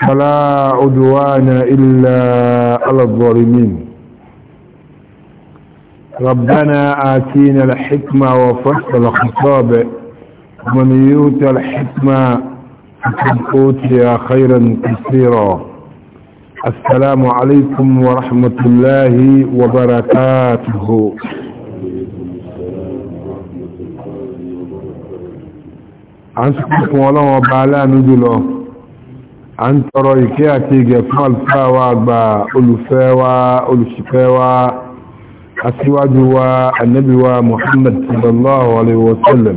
فلا عدوان إلا على الظالمين ربنا آتينا الحكمة وفصل الخطاب ومن يؤت الحكمة فقد أوتي خيرا كثيرا السلام عليكم ورحمة الله وبركاته عن سكوكم ولو وبعلا نجله a ń tọrọ ìkẹ́ àti ìgẹ̀ fún àlùfáà wa àgbà olùfẹ́ wa olùṣìfẹ́ wa aṣíwájú wa annabi wa muhammad sallallahu alaihi wasallam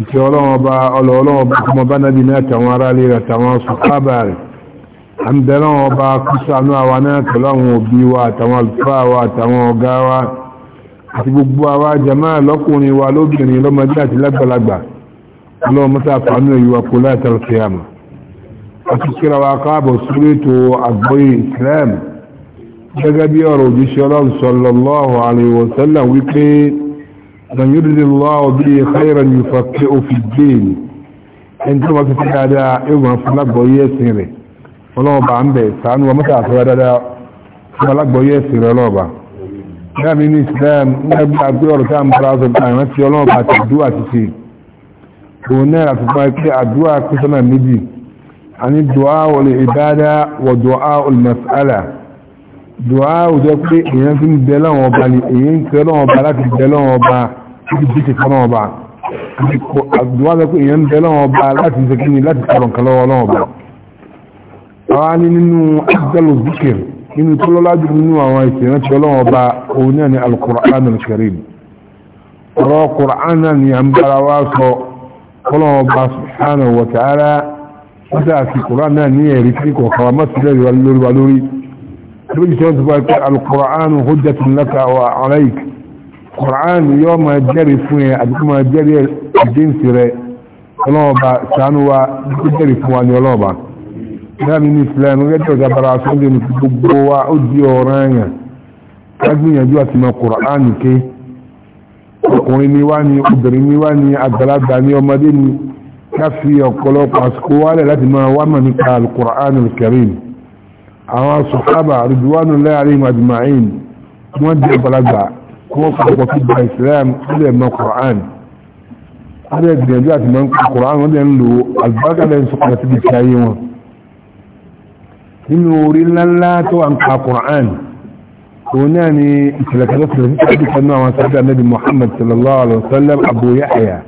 ìṣẹ́ ọlọ́wọ́ba ọlọ́wọ́ba kuma bá nábi náà tàwọn ará lè tàwọn sùfábà rẹ̀ a ń bẹ̀rẹ̀ wọn bá kúsànú àwa náà pẹ̀lú àwọn òbí wa akíkíra wa káàbọ̀ sórí ètò àgbọ́yé islam gẹ́gẹ́ bí ọ̀rọ̀ òjíṣẹ́ ọlọ́run sallallahu alayhi wa sallam wípé man yuridillahu bihi khayran yufaqihu fid-din ẹni tó wọ́n fi fi dáadáa ẹ̀wọ̀n fún lágbọ́yé ẹ̀sìn rẹ̀ ọlọ́run bá ń bẹ̀ sànú wọn mọ́tà àfẹ́rẹ́ dáadáa fún lágbọ́yé ẹ̀sìn rẹ̀ ọlọ́run bá dáàmì ní islam nígbà ọ̀rọ̀ tá à ń bára sọ عن الدعاء والعبادة ودعاء المسألة دعاء وجبت إيان في الدلان وبالي إيان كران وبالات الدلان وبا بيك كران وبا الدعاء ذاكو إيان دلان وبالات مزكيني لا تكران كلا ولا وبا أعني ننو أفضل الذكر إنه كل الله جميع وعيسينا كلا وبا أوناني القرآن الكريم رأى قرآنا ينبرا واسو قلوا الله سبحانه وتعالى wọ́n sá àti koran náà ní ẹ̀rí tí kò kàwà má sílẹ̀ ìwà lórí wa lórí lórí tí wọ́n ti bá pé alukọ̀rán hujjatun laka wa alaik koran yóò máa jẹ́rìí fún ẹ àti kó máa jẹ́rìí àdínsì rẹ sànú wa kó fún wa ní ọlọ́ọ̀ba dáàmì ní islam gẹ́gẹ́ كفي وقلوا باسكوالة التي ما ومنك القرآن الكريم أما الصحابة رضوان الله عليهم أجمعين مودع بلدع كوصة وكتب الإسلام هذا من القرآن هذا الدنجات من القرآن هذا اللي البقى لين سقلت بكايوة إنه إلا الله توانقى القرآن هناني إسلكت لسلسلسل بكالنوع سيدة النبي محمد صلى الله عليه وسلم أبو يحيى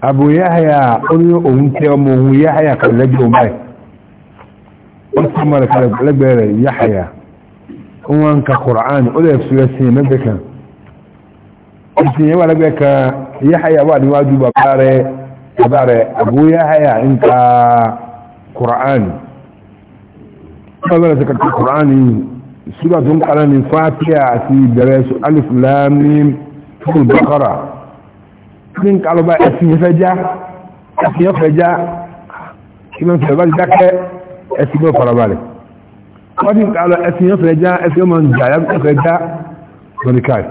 abu yahya oní òun tẹ ọmọ òun yahya kan lẹ́gbẹ̀ẹ́ ọmọ ẹ̀ wọ́n tún mọ̀ rẹ̀ lẹ́gbẹ̀ẹ́ rẹ̀ yahya wọ́n ka Qur'an ó lè fi ẹsìn lẹ́gbẹ̀ẹ́ kan ẹsìn yẹn wà lẹ́gbẹ̀ẹ́ kan yahya wà níwájú bàbá rẹ̀ bàbá rẹ̀ abu ń ka Qur'an wọ́n bẹ̀rẹ̀ sí ka Qur'an yìí sura tó ń kala ní fatiha àti ìbẹ̀rẹ̀ ní kálọ́bà ẹ̀sìn fẹ́ já ẹ̀sìn ọ̀fẹ́ já ìmọ̀ fẹ́ bá ti dákẹ́ ẹ̀sìn mọ́ farabalẹ̀ wọ́n ní kálọ́ ẹ̀sìn ọ̀fẹ́ já ẹ̀sìn ọmọ ìjà ẹ̀fẹ́ já lọ́nìkàì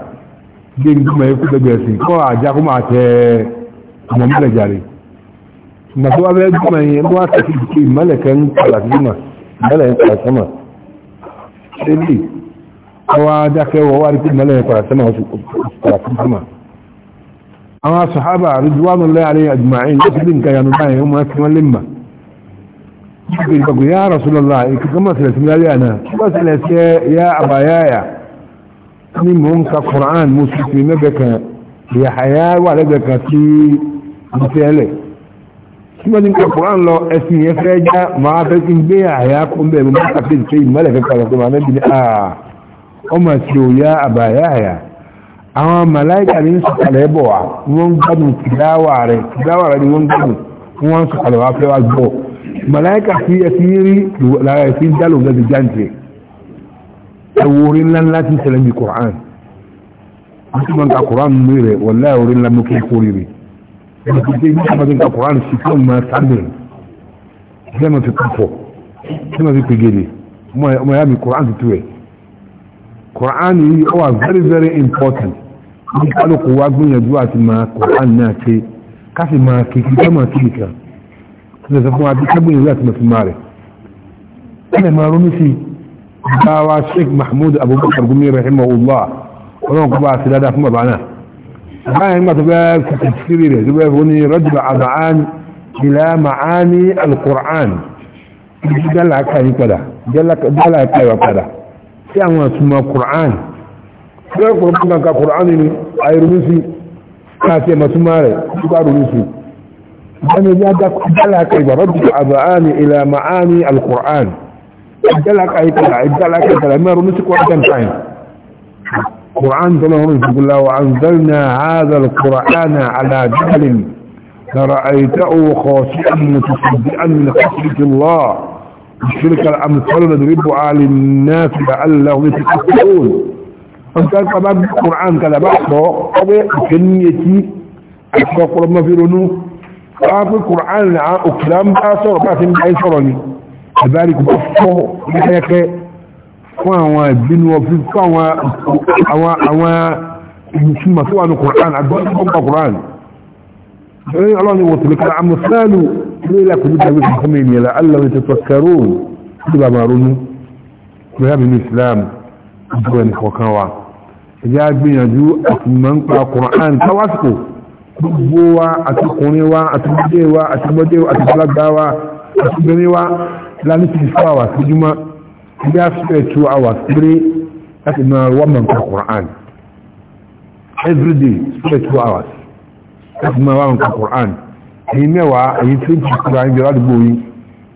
bí ní gbọ́mọ̀ ẹ̀kú gbẹ̀gbẹ̀ ẹ̀sìn kọ́ àjá kó máa tẹ ọmọ mọ́lẹ̀ jàre ìgbà tó wá fẹ́ gbọ́mọ̀ yẹn bó wá tẹ̀sí ìdíkì ìmọ̀lẹ̀ kẹ́ ń àwọn sàhábà àríjúwánu lẹ́yàrí àjùmáyìn ló fi nǹkan yanu báyìí wọn kí wọ́n lè mà ṣùgbọ́n ya yá rasulọ́lá ìkẹ́kọ́ mọ̀ sílẹ̀ na yà náà ya. wọ́n sílẹ̀ sí yá ka quran mo sì fi mẹ́bẹ̀ kan yàháyà wà lẹ́bẹ̀ kan sí ìfẹ́lẹ̀ kí wọ́n ti ń lọ àwọn màláìkà ní sọ̀kalẹ̀ bọ̀ wá wọ́n gbádùn tìdáwà rẹ̀ tìdáwà rẹ̀ ni wọ́n gbádùn wọ́n sọ̀kalẹ̀ wá fẹ́ wá gbọ́ màláìkà sí ẹsí rí lára ẹ̀sí dálò gẹ́gẹ́ jáǹtì ẹwọ orí ńlá ńlá ti ṣẹlẹ̀ bí Qur'an wọ́n ti máa ń ka Qur'an mú rẹ̀ wọ́n láì orí ńlá mú kí kórè rẹ̀ wọ́n ti tẹ́ ibi tí wọ́n ka Qur'an sí fún ọmọ sábẹ̀ ṣé mo fi kú fọ̀ ṣé mo fi pegele mo yà mí Qur'an ti tu kùránì yìí ó wà very very important ní kálùkù wá gbìyànjú àti máa kùránì náà ké káfí máa kéèkì tó máa kéèkì kan tó lè sọ fún wa bí kágbìyànjú àti máa fi máa rẹ̀ ẹ̀lẹ̀ máa ronú sí báwa sheikh mahmoud abubakar gumi rahimahullah ọlọ́run kó bá ti dáadáa fún bàbá náà báyìí nígbà tó bẹ́ẹ̀ fi tẹ̀sírí rẹ̀ tó bẹ́ẹ̀ fún ní rọ́jùlọ àdáhán ilẹ̀ màání alkùránì jálàkà yí padà jálàkà yí padà sí àwọn àtúmọ̀ Kùránì tí wọ́n kùrọ̀ fún kankan Kùránì ni àìrùmísì káàkiri ẹ̀mọ̀túnmọ̀ rẹ̀ tí wọ́n rùmísì wani ya dalaka ibarabbi abani ila ma'ani alquran dalaka ita dalaka kalamar musu qur'an time qur'an dole ne su kula wa anzalna hadha alqur'ana ala jabalin ra'aytahu khashi'an mutasaddian min khashyati allah تلك الأمثال نضربها للناس لعلهم يتفكرون فكان كمان القرآن كذا بحثه أو كنيتي أشوف ما في رونو ففي القرآن أكلام بأسر بأسر بأسرني كذلك بأسره بحيك فهو بن وفيد فهو أو أو ثم سواء القرآن عدوان القرآن إيه، الله يوصلك الأمثال لا كنت أقول لكم إني لعلهم يتفكرون كتب أمرهم بهم الإسلام أدوان وكوا جاءت بينجو أتمنى القرآن كواسكو gbogbo wa àti ọkùnrin wa àti ọmọdé wa àti ọmọdé wa àti ọlọ́gbà wa àti obìnrin wa láti fi four hours lójúmọ́ ilé àfihàn two hours péré láti máa wọ́n mọ̀ nǹkan Qur'an every day spare two hours láti máa wọ́n mọ̀ nǹkan Qur'an هيموا يتنج القرآن جراد بوي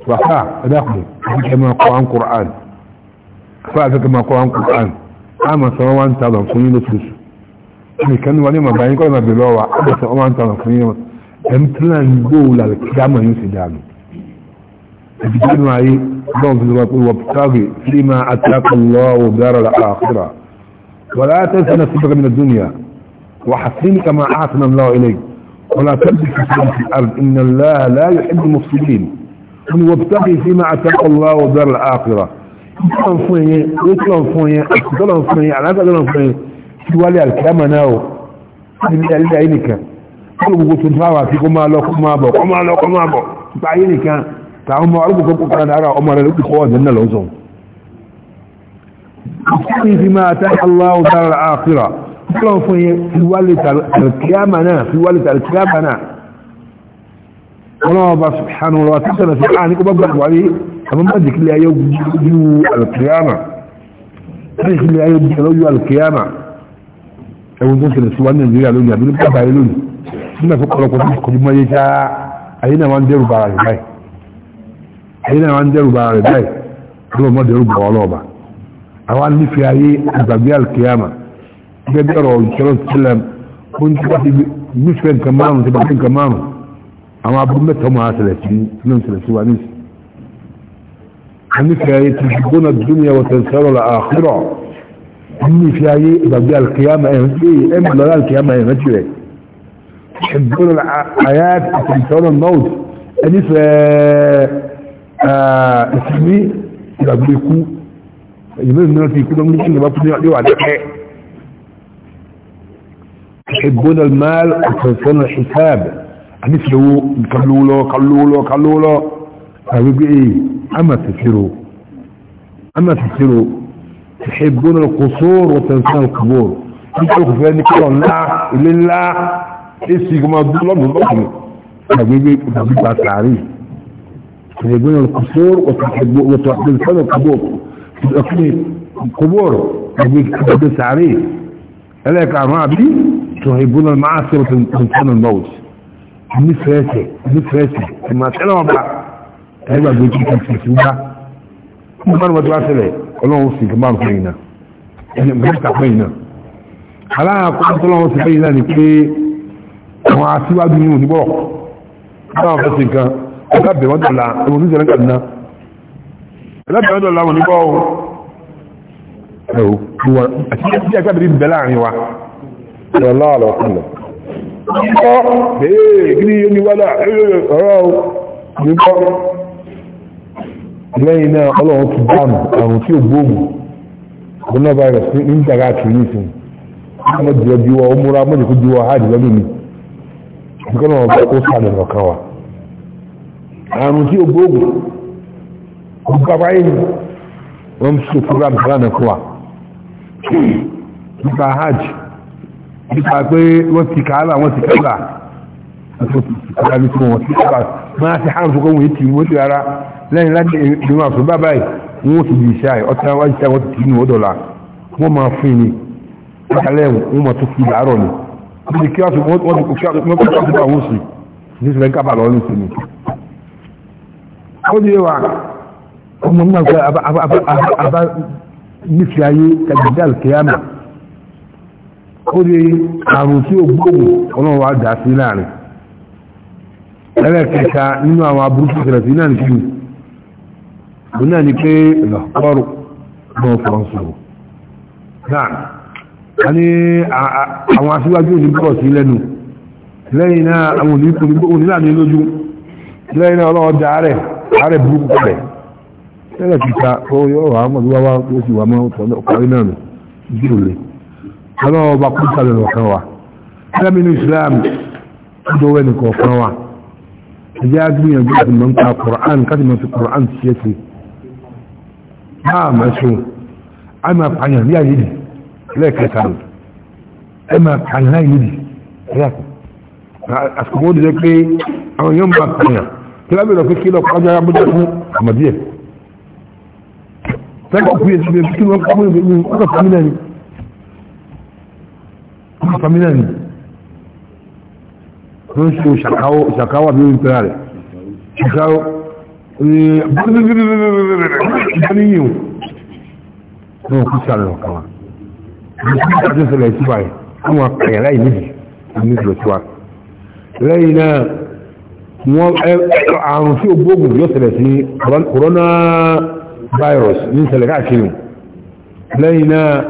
وحا نقل كما القرآن قرآن فأذا كما القرآن قرآن أما سنوان تعلم كنين نسلس يعني كان ولي ما باين كل ما بلوا أما سنوان تعلم كنين أمتنا نقول على كلام يسجعني أجدون ما هي دون في الوقت وابتغي فيما أتاك الله دار الآخرة ولا تنسى نصيبك من الدنيا وحسين كما أعطنا الله إليك ولا تلبس في الأرض إن الله لا يحب المفسدين وابتغي فيما أتاك الله ودار الآخرة يطلعون فيه يطلعون فيه يطلعون فيه على هذا يطلعون فيه في ولي الكلام ناو اللي عينك قلوا قلت انفاوا في قما لو قما بو قما لو قما بو تعينك تعهم معروفك قلت أرى أمر لك خواز إن العزوم ابتغي فيما أتاك الله ودار الآخرة ọlọ́run fún yẹ fi wálé tàlkíyàmà náà fi wálé tàlkíyàmà náà ọlọ́run ọba subhanahu wa ta'ala sí àní kó bá gbà wáyé àmọ́ má jìkìlẹ̀ ayé ojú alkíyàmà má jìkìlẹ̀ ayé ojú alkíyàmà ẹ̀wọ̀n tó ṣẹlẹ̀ sí wá ní nàìjíríà lónìí àbí nípa báyé lónìí nígbà tó kọlọpọ̀ tó kọjú mọ́ yé ṣá ayé náà wá ń dẹ́rù bara rẹ̀ báyìí ayé náà wá ń dẹ́rù bara rẹ̀ báyìí ọlọ́run mọ́ dẹ́rù bọ̀ ọlọ́ọ̀ba àwa nífẹ̀ẹ́ ayé àgbàgbé alkíyàmà جاب يروا الكلام السلام كنت بحي مش فين كمانو انت بحين كمانو اما بمتهم ها ثلاثين اثنين ثلاثين وانيس انك هاي تحبون الدنيا وتنسلوا الاخرة اني في هاي بقى القيامة ايه ايه ايه ايه القيامة ايه ماشي آه، آه، ايه تحبون الحياة وتنسلوا الموت انيس اسمي يبقى بيكو يبقى بيكو يبقى بيكو يبقى بيكو يبقى بيكو يبقى بيكو تحبون المال وتنسون الحساب مثله قالوا له قالوا له قالوا له ايه اما تسيروا اما تسيروا تحبون القصور وتنسون القبور انتوا فين كده لا لله اسي ما ضلوا ضلوا فبيبقى بيبقى تعريف تحبون القصور وتحبون وتنسون القبور تبقى القبور فبيبقى تعريف قال لك يا عمرو تهيبون المعاصي وتنسون الموت nífẹ̀ẹ́sẹ̀ nífẹ̀ẹ́sẹ̀ ìmọ̀ tẹ́lẹ̀ ọba ẹgbà gbèjì kan fi sí wá ní bá wọ́n tó wá sílẹ̀ ọlọ́run sì kí máa ń fẹ́yìn náà ẹni mẹ́ta fẹ́yìn náà aláàkọ́ tó lọ́wọ́ sí fẹ́yìn náà ni pé àwọn aṣíwájú ní òní bọ́ọ̀ báwọn fẹ́ sí nǹkan ọ̀gá bẹ̀rẹ̀ dọ̀la ọmọ ní ìṣẹ̀lẹ̀ kàdúná ọ̀gá bẹ̀rẹ̀ dọ̀la òní bọ́ọ̀ sallallahu alaihi wasallam kọ́ bẹ́ẹ̀ gírí yóò ní wádà ọ̀rọ̀ nígbọ́ lẹ́yìn náà ọlọ́run ti dáàmù àrùn tí ó gbóògùn coronavirus ní ìjàrá kìí ìsìn mọ́jọ bí wọ́n múra mọ́jọ kó bí wọ́n hajj lọ́dún mi ìkọ́nà ọ̀gá kó sàlẹ̀ lọ́kàn wa àrùn tí ó gbóògùn nípa pé wọ́n ti kààlà wọ́n ti kààlà àti wọ́n ti kààlà máa ti hàn fún wọ́n ti wọ́n ti rárá lẹ́yìn láti ìrìn àṣọ bàbá yìí wọ́n ti di iṣẹ́ àì ọ̀tá wá iṣẹ́ wọ́n ti kì í nù ọ̀dọ̀là wọ́n máa fún ni kálẹ̀ wọ́n máa tún fi dàárọ̀ ni wọ́n ti kí wọ́n ti kí wọ́n ti kí àwọn sì ní ìṣẹ̀lẹ̀ kábà lọ ní ìṣẹ̀lẹ̀. ó yé wa ọmọ mọ́ àgbà àbá ó di àrùn tí ó gbóògùn ọlọ́run dà sí láàrin ẹlẹ́ẹ̀kẹta nínú àwọn aburúkú ìṣẹ̀lẹ̀ sí náà nìkú òun náà ni pé lọ́kọ́rù náà fọ́n sọ̀rọ̀ náà a ní àwọn aṣíwájú òní sí lẹ́nu lẹ́yìn náà àwọn lójú lẹ́yìn náà burúkú ó yọ wá ó sì wà mọ́ ọlọ́wọ́ bá kúta lọ́rọ̀ kan wa alámínú islam ọdọ́wẹ́ nìkan kan wa ẹjẹ́ agbìyànjú àti mọ́ ń ta kùrán káti mọ́ fi kùrán ti ṣe máa mẹ́sù a máa pààyàn ní àyídì lẹ́ẹ̀kẹta ẹ máa pààyàn ní àyídì ẹ̀yàkùn àsìkò ó dìde pé àwọn yóò máa pààyàn kí kuma famina ne don su shakawa biyu yin turare shakawa ganin yiwu don kusa da kama musulun kajin su laifi bayan kuma kayan rai ne domin su laifi rai na wọn àrùn tí ó gbógun yóò ṣẹlẹ̀ sí coronavirus ní ṣẹlẹ̀ káàkiri lẹ́yìn náà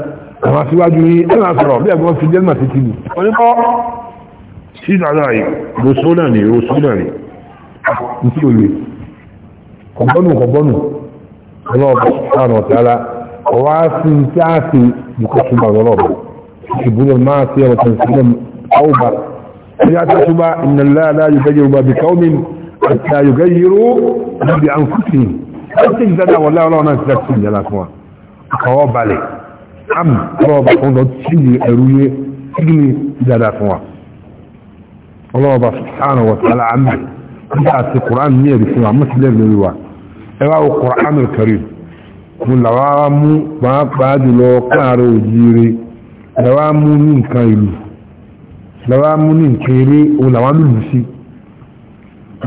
àwọn aṣíwájú ní ẹ̀nà sọ̀rọ̀ bí ẹ̀gbọ́n ti jẹ́mà títí ni wọ́n ní kọ́ sí ìdára yìí roṣó náà ni roṣó náà ni nítí olè kọ̀gbọ́nù kọ̀gbọ́nù ọlọ́ọ̀bọ̀ sáànà ọ̀tàlá ọwá sí tí a ti bùkọ́ ṣùgbà ọlọ́ọ̀bọ̀ ìbúlọ̀ máa sí ẹwọ̀ tó ń sí lẹ́m ọba tí a ti ṣùgbà ìnàláàlá yóò gẹ́gẹ́ ọba bìkọ́ omi àti àyògẹ́ yìíró àti àǹkùsì ẹ̀sìn ìdájà wọlé am ọlọ́ọ̀bà fún lọ tí ẹ̀rú yé sígbìnì dáadáa fún wa ọlọ́ọ̀bà subhanahu wa ta'ala àmì nígbà àti Qur'an ní ẹ̀rí fún wa mọ́sílẹ̀ lórí wa ẹ wá wo Qur'an al-Karim mo làwa mú pàápàá jùlọ káàrọ̀ òjìire làwa mú ní nǹkan ìlú làwa mú ní nǹkan eré òun làwa lùlù sí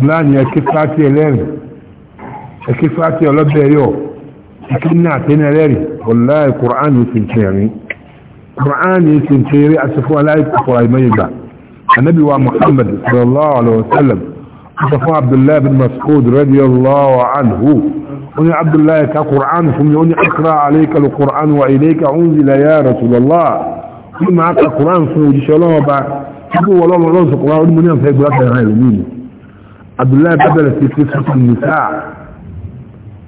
láàyè ẹkí fáti ẹlẹ́rìn ẹkí fáti ọlọ́bẹ̀ yọ̀ لكن اعطينا لاري والله القرآن يسم شيري يعني. القرآن يسم شيري يعني. أسفوا لا يكفر أي ميزة النبي محمد صلى الله عليه وسلم أسفو عبد الله بن مسعود رضي الله عنه قل عبد الله كقرآن ثم يقول اقرأ عليك القرآن وإليك أنزل يا رسول الله قل معك القرآن ثم يجيش الله وبعد تقول والله الله سقرأ والمنين فيقول لك يا عبد الله بدل في قصة النساء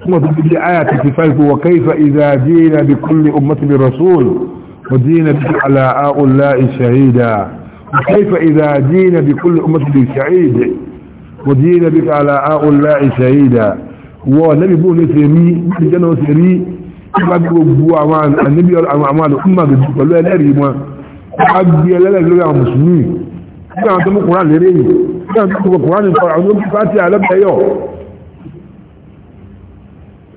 وفي آيات في فلك وكيف إذا جينا بكل أمة بالرسول ودينا على أولاء شهيدا وكيف إذا جينا بكل أمة بالشعيد ودينا بك على أولاء شهيدا ونبي بو نسيري نبي جنة وسيري نبي بو أمان النبي أمان أمة بجوة لا يريم أبي لا يريم المسلمين نبي أمان القرآن لريم نبي أمان القرآن فرعون فاتي على بيو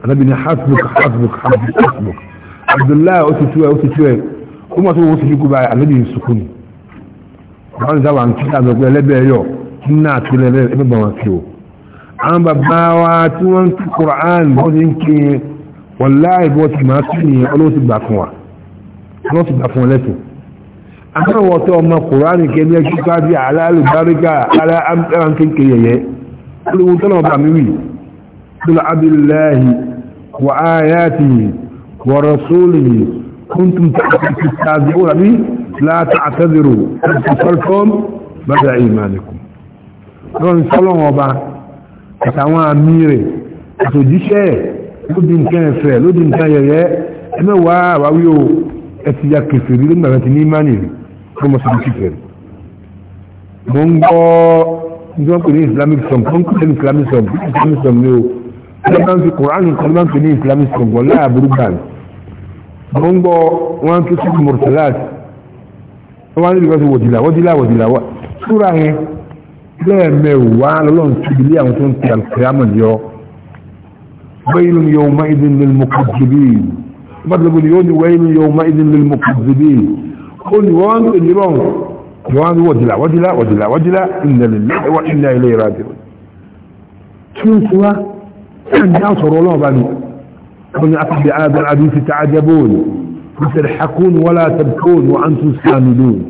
anabi ni hasbuk hasbuk hasbuk abdullahi ó ti tuwe ó ti tuwe kuma to wo ti ku ba anabi sukun ban za wan ti abe pe lebe yo na ti lebe e ba wan ti o an bàbá wa tí wọ́n ti qur'an bo din ki wallahi bo ti ma ti ni olo ti gbà fún wa olo ti gbà fún leto àwọn ọ̀wọ̀ tó ọmọ kùránì kẹ́lẹ́ kíkà bí aláàlùbáríkà aláàmìtẹ́ràn kéèkéè yẹ̀yẹ́ olówó tọ́lọ̀ bàmí wì tó lọ abìláhì وآياته ورسوله كنتم تستهزئون به لا تعتذروا قد كفرتم بعد إيمانكم lọ́rùn sọ́lọ́wọ́ ọba àtàwọn àmì rẹ̀ àtòjíṣẹ́ lódi nǹkan ẹ̀fẹ̀ lódi nǹkan yẹ̀yẹ́ ẹmẹ́wàá àwáwí o ẹ̀tì ya kèfè rí lónìí àti ní mánì fọmọsílù kìfẹ̀ mo ń gbọ́ ìjọ́pẹ̀ ní islamic song tó ń kọ́ islamic song islamic song ní ẹgbẹ́ fi kùránì kan máa ń pè ní islamic kọ̀ǹgọ̀ láàbùrú band mo ń gbọ́ wọn tó sí mursalat wọ́n ní ìgbà tó wòdìlà wòdìlà wòdìlà wà súra yẹn lẹ́ẹ̀mẹ́wàá lọ́lọ́run tó ilé àwọn tó ń tẹ alkiyama yọ wẹ́yìn yóò má ìdín lil mukadzibin bàtàlẹ́bù ni yóò ní wẹ́yìn yóò كان سورة الله بني كن أفضل هذا الحديث تعجبون تضحكون ولا تبكون وأنتم سامدون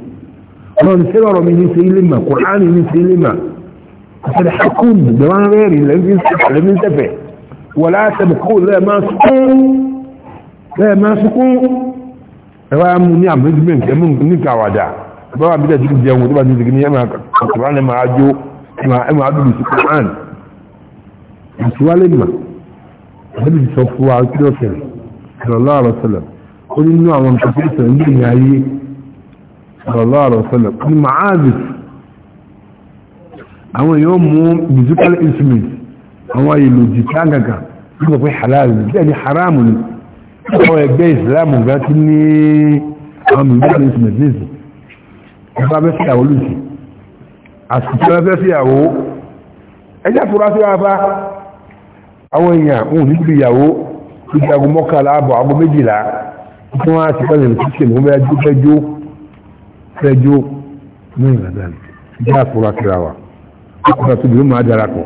كان سورة من سيلمة قرآن من سيلمة تضحكون دوان غيري لمن سفح لمن سفح ولا تبكون لا ما سكون لا ما سكون ẹwà mú ní àmìlẹ́dìmẹ̀ ẹmú níka àwàdà bọ́wà bí i jẹ́ jẹun tó bá ní ìsìnkú ní ẹmà kọ̀ọ̀rán ẹmà ájó ẹmà ádùlù sí kọ̀ọ̀rán ìtúwálé mà ti sọ fún wa kí ló ṣẹlẹ̀ ó ní inú àwọn nǹkan ní ìyá ayé sallallahu ní ma'azif àwọn èèyàn mú musical instrument àwọn jìtá gàgà halal ni àwọn àwọn èèyàn òun níbi ìyàwó ibi aago mọ́kànlá àbọ̀ aago méjìlá tí wọ́n á ti pẹ́ lẹ́nu kíkẹ́ ní wọ́n bẹ́ẹ̀ jó fẹ́jó fẹ́jó ní ìlànà ìjà àfúrà kíra wa ọkùnrin àti obìnrin máa darapọ̀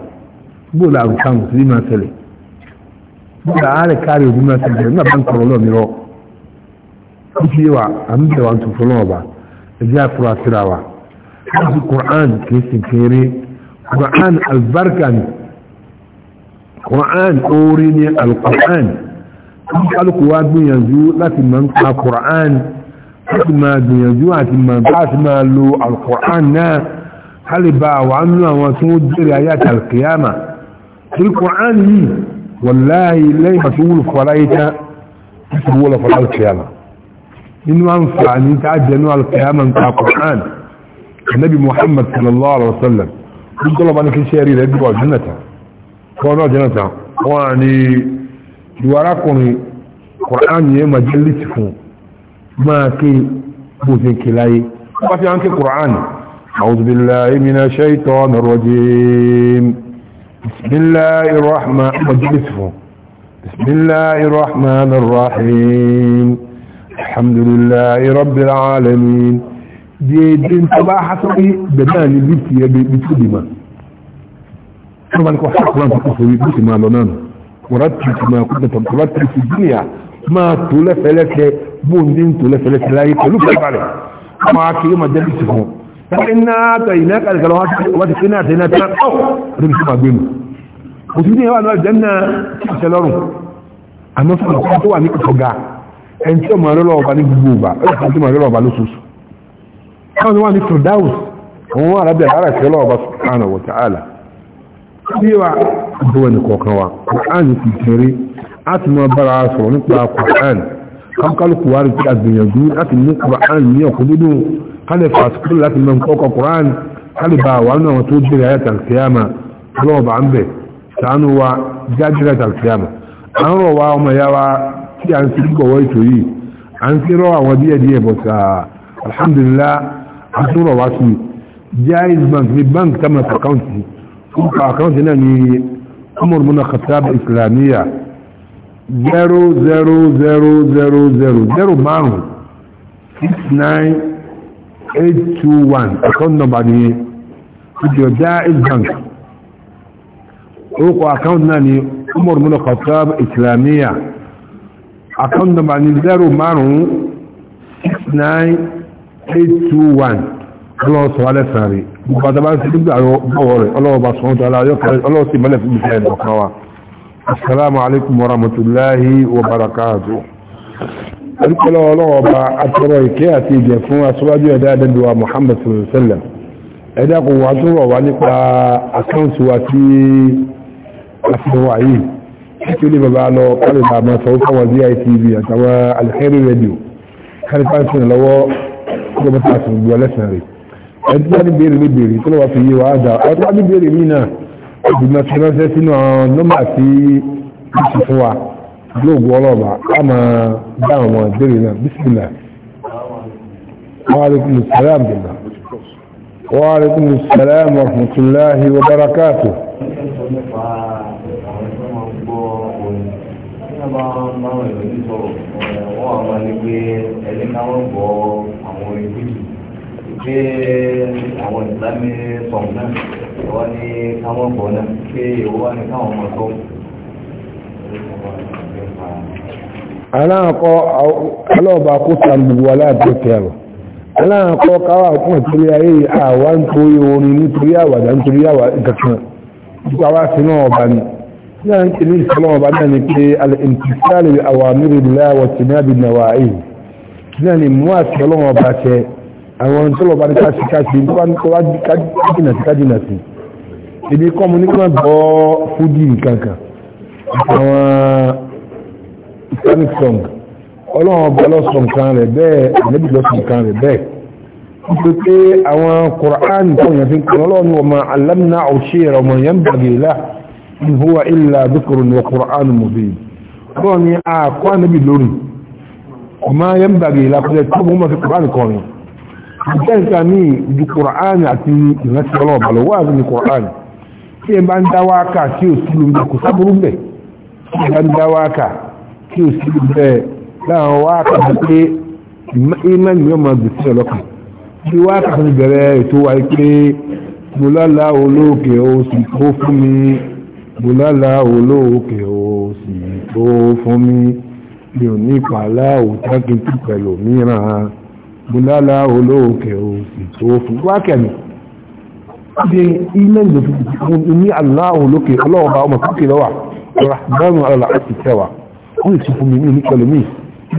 bóòlù àrùkà mùsùlùmí máa tẹ̀lé bóòlù àárẹ̀ kárí òbí máa tẹ̀lé nígbà bá ń Quran orí ní al-Quran kálùkù wá gbìyànjú láti máa ń pa Quran láti máa gbìyànjú àti máa bá ti máa lo al-Quran náà kálìbà wà nínú àwọn tí wọ́n jẹ́rẹ̀ ayé àti al-Qiyama tí Quran yìí wallahi lẹ́yìn àti wúlò fọ́lá yìí tá ti wúlò fọ́lá al-Qiyama nínú àǹfààní tá jẹnu al-Qiyama ń pa Quran Nabi Muhammad sallallahu alaihi wasallam ń tọ́lọ̀ bá ní kí ṣe rí rẹ̀ dúró jannata kọ́nà jẹ́nàta wọ́n ni ìwárakùnrin kùránì yẹn ma jẹ́ lítì fún máa kí bóse kí láyé wọ́n bá fi hàn kí kùránì أعوذ بالله من الشيطان الرجيم بسم الله الرحمن وجلسه بسم الله الرحمن الرحيم الحمد لله رب العالمين دي دين تبا حسبي بدان اللي بتي بتدي كما لك وحق قرآن تقصوي بيت ما لنان ورتب ما كنت ترتب في الدنيا ما تولف لك بوندين تولف لك لا يتلوك عليه ما كي يوم الدنيا سفهم فإنا أتيناك قال لو واتقنا أتيناك أو رب سمع بينه وتبني هو أنواع الجنة سلارو أما سمع قوة نيك فقع ẹni tí ọmọ ọlọ́wọ́ ọba ní gbogbo ọba ẹ̀sìn tí ọmọ ọlọ́wọ́ ọba lóṣooṣù káwọn ni wọ́n ní firdaus àwọn arábìnrin ara ìfẹ́ ọlọ́wọ́ ọba subhanahu wa ta'ala síwá àbúwẹ̀ nìkọ̀ọ̀kan wa kùránì ti tẹ̀rí láti mọ bára sọ̀rọ̀ nípa kùránì kọ́kọ́lùkù wa rí àgbìyànjú láti mú kùránì ní ọ̀kọ́ dúdú kálẹ̀ fàṣíkú láti mọ kọ́kọ́ kùránì kálẹ̀ bá wà náà tó jẹ́ ayé tàlkìyàmà lọ́wọ́ bá ń bẹ̀ sànú wa jájẹ́rẹ́ tàlkìyàmà à ń rọ̀ wa ọmọ ya wa tí à kuka kan shi nan ni amur muna khatab islamiyya 0000005 69821 account number ni with your jaiz bank oko account na ni amur muna khatab islamiyya account number ni 0 5 69821 ọlọ́wọ́ sọ alẹ́ sàárè gbogbo àtàbà ń sẹ́dúgbà àwọ̀ rẹ̀ ọlọ́wọ́ bá sọ́wọ́n tọ́lá ọlọ́wọ́ sí mẹ́lẹ̀ fún ìṣẹ́ ìdọ̀kan wa assalamu alaikum wa rahmatullahi wa barakatuh alukọ́lọ́ ọlọ́wọ́ bá atọ́rọ ìkẹ́ àti ìgẹ̀ fún aṣọ́wájú ẹ̀dá adẹ́dùwa muhammad sallam ẹ̀dá kò wá tó rọ̀ wá nípa àkáǹtì wa tí aṣọ́wà yìí tí ó lè bàbá lọ kọ́lẹ̀ bá máa sọ fún àwọn DITV àtàwọn alheri radio kárífà ń lọ́wọ́ kọ́lẹ̀ bá tààtì rẹ̀ ẹ̀tí wá ní béèrè ní béèrè tó lọ́wọ́ fi yé wa dà ẹ̀tí wá ní béèrè mí náà ìgbìmọ̀ ti ránṣẹ́ sínú àwọn nọ́mbà tí ó ti fún wa lóògùn ọlọ́ọ̀bà á máa dá àwọn ìbéèrè náà bísímìlà wàhálẹ́kùn sàlám jẹ̀nà wàhálẹ́kùn sàlám rahmatulahi wa barakatu. Wọ́n wọn máa ń gbé ẹ̀lẹ́káwọ́ bọ̀ pé àwọn ìsàmì sọ̀rọ̀ náà wọ́n ní káwọn bọ̀ náà pé ìwọ́ wá ní káwọn ọmọ tó. aláàkọ́ ọlọ́ọ̀bà kó sàn gbogbo aláàbẹ̀kẹ́ rẹ̀ aláàkọ́ káwà fún ìtòrí ayé àwa ń torí orin nítorí àwàdà nítorí àwà kankan nípa wá sínú ọba ni ní à ń kiri ìsọ́nà ọba náà ni pé alìntìsálì àwàmírìlá wọ̀tí náà àwọn tó lọ bá ní káṣí káṣí tó bá ní kọ́ kájìnà sí kájìnà sí ibi kọ́ mu ní kí wọ́n bọ́ fúdì kankan àwọn islamic song ọlọ́run ọba lọ́sọ̀ nǹkan rẹ̀ bẹ́ẹ̀ ànábì lọ́sọ̀ nǹkan rẹ̀ bẹ́ẹ̀ nítorí pé àwọn kùránì tó yẹn fi ń kọ́ ọlọ́run ọmọ alámìnà ọ̀ṣẹ́ rẹ̀ ọmọ yẹn bàgẹ̀ lá in huwa illa dhikrun wa qur'anun mubin ọlọ́run ni àkọ́ ànábì lórí ọmọ yẹn bàgẹ̀ lá kọ́lẹ̀ tó mọ́ fi kùránì kọrin nǹkan nǹkan míì ju Qur'an àti ìrántí ọlọ́ọ̀bà lọ wáàbí ni Qur'an tí ẹ bá ń dá wáàkà tí ò sí lóun kò sábúrú bẹ̀ tí ẹ bá ń dá wáàkà tí ò sí lóun bẹ̀ láwọn wáàkà tó pé ìmọ̀ ni yóò máa gbèsè ọlọ́kàn bí wáàkà tó bẹ̀rẹ̀ ètò wáyé pé bùlálà olóòkè ó sì kó fún mi bùlálà olóòkè ó sì kó fún mi mi ò ní ìpàlà òòtá pẹ̀lú mìíràn bùlálà olóòkè òfin wákẹ̀mí ṣe ilẹ̀ ìlòfin ní aláhùlókè ọlọ́ọ̀bá ọmọ kókè lọ́wà rahmanu aláàtì tẹwà wọ́n lè tún mi ní pẹ̀lúmí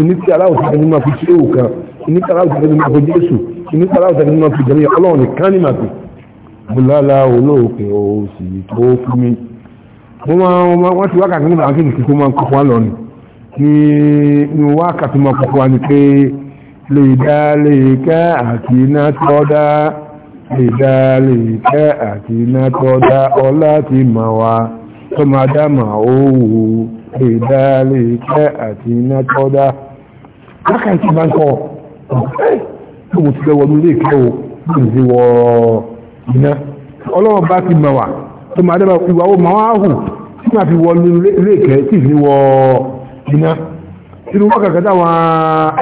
ní tí aláwọ̀sẹ̀ ní máa fi ṣe òun kan ní tí aláwọ̀sẹ̀ ní máa fi jésù ní tí aláwọ̀sẹ̀ ní máa fi jẹ́mi ọlọ́run nìkan ní màpì bùlálà olóòkè òfin tó fún mi wọ́n ti wákàtí nígbà wọn kí ní wákàtí máa لذلك أكينا تودا لذلك أكينا تودا أولاتي موا ثم دمعوه لذلك أكينا تودا Láka ìtì máa ń kọ́ ọ̀pẹ́ tó mo ti lẹ́wọ́ ní ilé ìkẹ́ o, ní ìdí wọ iná. Ọlọ́run bá ti mọ̀ wá, tó máa dábàá ìwà ó máa wá hù, tí máa fi wọ ilé ìkẹ́ tí ìdí wọ iná inú wákàkà táwọn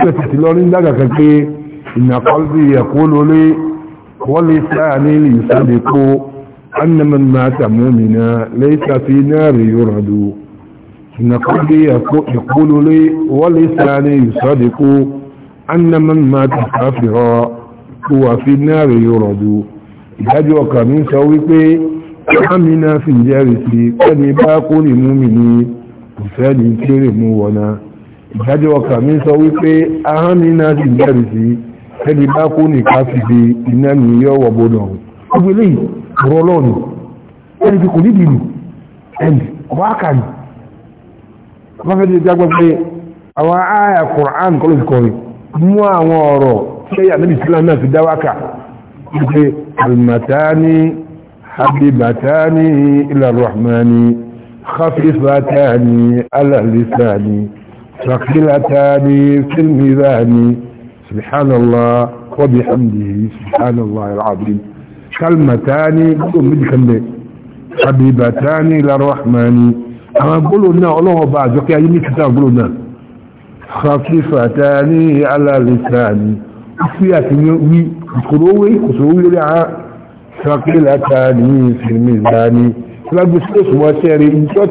ẹ̀sìtì lọ ní dágàkà pé ìnàkọ́lù ẹ̀kọ́ lórí wọ́n lè sáà ní ilé ìsáde kó annaman mata mọ́mìnà lẹ́sà fi náà rí yọ́rọ̀dù ìnàkọ́lù ẹ̀kọ́ lórí wọ́n lè sáà ní ìsáde kó annaman mata káfíọ́ kó wà fi náà rí yọ́rọ̀dù ìdájọ́ ọkà mi sọ wípé amina fi jẹ́rìí kẹ́ni bá kó lè mi ní kò ní kéré mú wọná ìdájọ́ ọkà mi sọ wípé ahọ́n ní náà sì bẹ̀rù sí ẹni bá kó nìkan sì fi iná ní yọ́ wọ̀ gbọ́dọ̀ gbogbo eléyìí ọ̀rọ̀ ọlọ́ọ̀nù ẹni tí kò ní dìlù ẹni ọba kàní ọba fẹ́ ti dágbọ́ pé àwọn àyà Qur'an kọ́ kọrin mú àwọn ọ̀rọ̀ tí ẹ̀yà níbi sílá náà ti dáwákà wípé almatani habibatani ila khafifatani ala ثقلتان في الميزان سبحان الله وبحمده سبحان الله العظيم كلمتان بكم حبيبتان للرحمن اما قولوا لنا الله بعد وكي يعني ايمي كتاب قولوا لنا خفيفتان على لساني وفيات وي كسروي كسروي لها ثقلتان في الميزان فلا بسكس وسيري انتو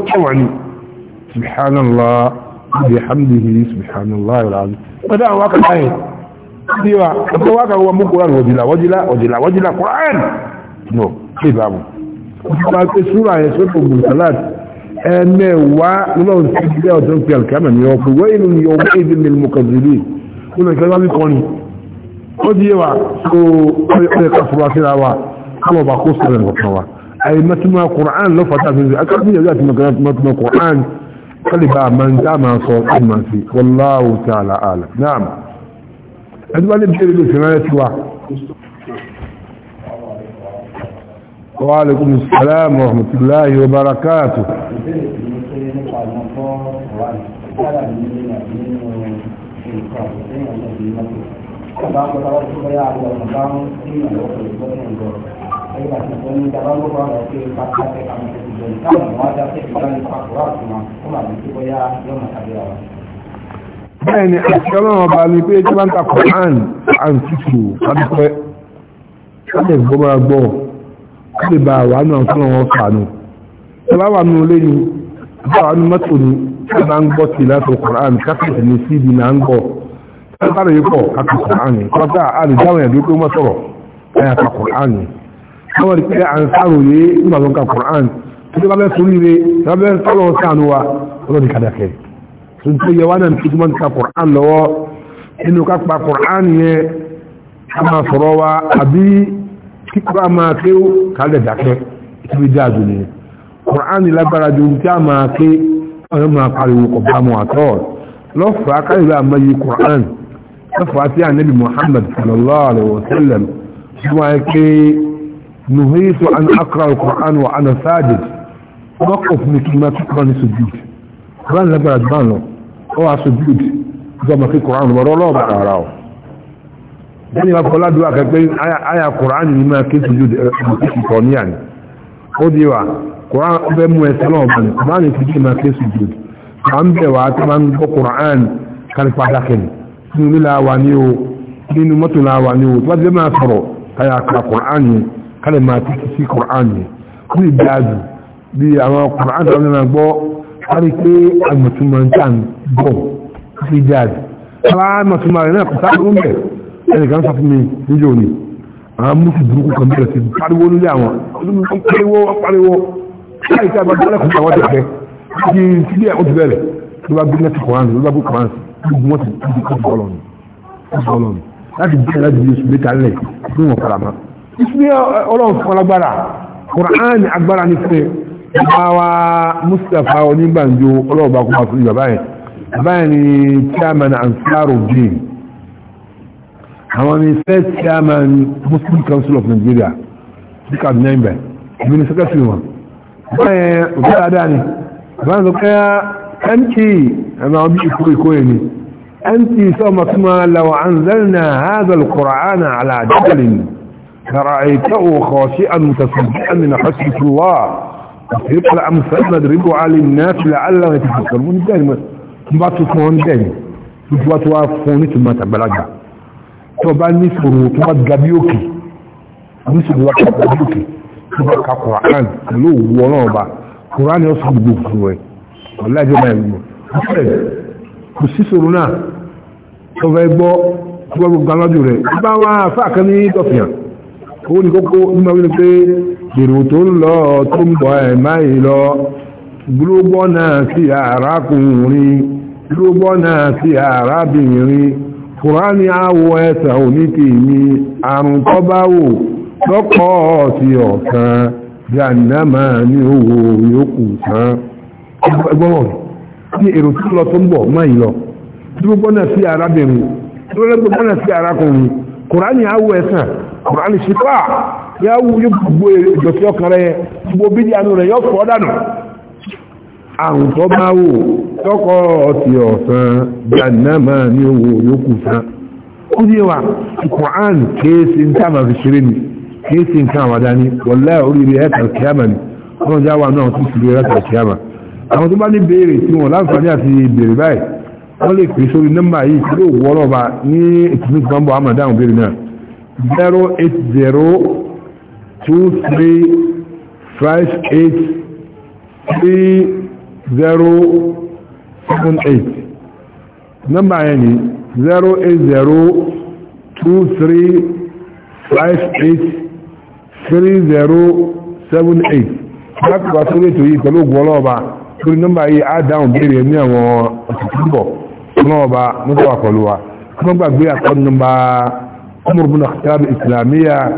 سبحان الله بحمده سبحان الله العظيم بدأ واقع آية ديوا أبدا واقع هو مقرآن وجلا وجلا وجلا وجلا قرآن نو كيف أبو ما في سورة هي سورة المرسلات ẹmẹ́wàá lọ́wọ́n sí ilé ọjọ́ pí alkama ni ọkù wẹ́ìlú ni ọmọ èdè ní mọ̀kànlélé nínú ìkẹta ní kọni ó di yẹwà tó ọ̀yẹ́ káfùrọ̀ síra wa káwọ̀ bá kó sọ̀rọ̀ nǹkan wa àyè mẹ́tùmọ̀ kùrán lọ́fàtà fi قلبا من كما صوت من فيه والله تعالى اعلم نعم هذا اللي بيجي بالثمانية الله وعليكم السلام ورحمة الله وبركاته Thank you. ayélujára ti sọ ní ìjàmbá ló bá wọn ṣe pátá ṣe àwọn ètò ìjọ ní táwọn ìwà ajá ṣe ìjọba ní pàkúrà àtúmọ̀ ó mà ní kí bóyá yóò máa tàbí ara. bẹ́ẹ̀ ni àṣìṣe ọlọ́run ọba ni pé tí wọ́n ń ta quran and tutu kábípẹ́ kábípẹ́ gbọ́ máa gbọ́ kábípẹ́ bá wà nù àǹfọ̀nà wọn fàánù tọ́lá wà nù lé ni bá wà nù mọ́tò ni tí wọ́n ń gbọ́ sí láti quran kábípẹ́ ní síbi náà ń gbọ́ tọ́lá yìí pọ̀ kábípẹ́ quran kọ́tà àdìjáwìn àdúgbò mọ́tọ̀rọ̀ ẹ̀yà ká quran yìí kawar ke an tsaro ne ba zon ka Qur'an to ba ba suri ne ba ba tsaro sanuwa ko ni kada kai sun ce yawa nan kuma ka Qur'an lawo inu ka pa Qur'an ye kama sorowa abi kikwa ma ke ka da dake ibi jazu ne Qur'an la bara ju ta ma ke an ma pariwo ko ba mu ato lo fa ka ila ma yi Qur'an fa fa ti annabi Muhammad sallallahu alaihi wasallam kuma ke نهيت أن أقرأ القرآن وأنا ساجد وقف مثل ما تقرأني سجود قرآن لبعد بانه هو سجود إذا ما في قرآن ورا الله بقى أراه يعني ما بقول دعاء كبير آية قرآن لما كي سجود القرآن يعني خذ قرآن بمو يسلام بني قرآن يسجود ما كي سجود فعم بيوات من قرآن كان فاتحين نقول لا وانيو نقول متو لا وانيو تبدل ما أصروا كيا قرآن kálẹ̀ máa ti kìí sí Qur'an yẹn kó lè dáadù bí àwọn Qur'an tó lọ́nà gbọ́ kárí pé àgbàtúmọ̀ ń tàn bọ̀ sí dáadù alámọ̀túmọ̀ rẹ̀ náà kò sáré ń bẹ̀ sọ fún mi níjọ́ ni àwọn mú sí burúkú kan bẹ̀rẹ̀ sí pariwo lórí àwọn pariwo pariwo láì tí a bá dálẹ̀ kó àwọn tẹ̀fẹ́ kí n ti bí ẹ̀kọ́ ti bẹ̀rẹ̀ ló bá bí nẹ́tì Qur'an ló bá bí Qur'an gbogbo wọn ti kọ́ ọlọ́run láti bí ẹ̀ láti bí oṣù mẹ́ta lẹ̀ fún wọn kàràmà ìsúnmí ọlọ́run fún alágbára Qur'an agbára ní fẹ́ ìbáwá Mustapha onígbànjo ọlọ́ọ̀bá kó máa fún ìgbà báyìí báyìí ni chairman Ansarudeen àwọn ni first chairman Muslim Council of Nigeria dikad nembe ìbí ni secretary wọn báyìí òbí dáadáa ni báyìí ló kẹ́ MT ẹ̀mọ́ bí ìkó ìkó yẹn ni MT sọ́mọ́túnmọ́ law anzalna hadha al-Qur'ana ala jabalin فرأيته خاشئا متصدئا من خشية الله وفرق الأمثال نضربه على الناس لعلهم يتفكرون دائما ما تفهمون دائما تبقى توافقون ثم تبلغها تبقى نسره تبقى تقبيوكي نسره تبقى تقبيوكي تبقى كقرآن لو ولوبا قرآن يصحب بكروه والله جمع يقول kùsísòrò náà tó fẹ́ gbọ́ gbogbo gbanájú rẹ̀ bá wọn ó ní kókó nígbà wílé pé èrò tó ń lọ tó ń bọ̀ ẹ̀ máyì lọ gbúlógbọ́ náà sí arákùnrin gbúlógbọ́ náà sí arábìnrin kùránì àwọ̀ ẹ̀sà onítìmí àrùn tó bá wò lọ́pọ̀ sí ọ̀kan jàǹdàmà ní owó yòókù tán ẹgbọ́n ní èrò tó lọ tó ń bọ̀ kùránì sípà yóò wúyú gbogbo ìdọ̀tí ọkàn rẹ̀ gbogbo bídí àánú rẹ̀ yóò fọ́ dànù àrùn tó bá wò tọ́kọ̀ ọ̀tí ọ̀sán jàndàmà ní owó yókù sán ó ní wà kùránì kéèsì ń tàbà fi ṣeré ni kéèsì ń kàn wàdá ni wọ̀lẹ́ oríire ẹ̀kàn kíámà ni wọ́n já wà náà tún sílé ẹ̀kàn kíámà àwọn tó bá ní béèrè tí wọ́n láǹfààní àti béèrè báyìí wọ́n lè pèsè orí nọ́mbà yìí tí ó wọ́ Zero zero zero eight eight eight two three three five seven number 08023583078 nọ́mbà zero ni 08023583078 láti wá sórí ètò yìí pẹ̀lú ògùn ọlọ́ọ̀bá torí nọ́mbà yìí á dáhùn béèrè ní àwọn ọ̀sẹ̀ tó ń bọ̀ ọlọ́ọ̀bá mọ́tò wà pẹ̀lú wa kí wọ́n gbàgbé àkọ́ nọ́mbà 08023583078 عمر بن خطاب اسلامية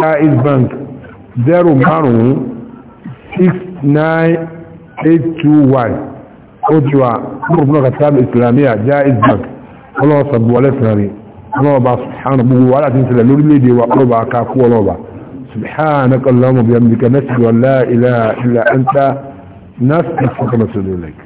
جائز بنك زيرو 0569821 ادوا عمر بن خطاب اسلامية جائز بنك الله صب ولا سنري الله با سبحانه بقول ولا تنسى لوري ليدي وقربا كاكو لوبا سبحانك اللهم وبحمدك نسل ولا اله الا انت نسل ونتوب اليك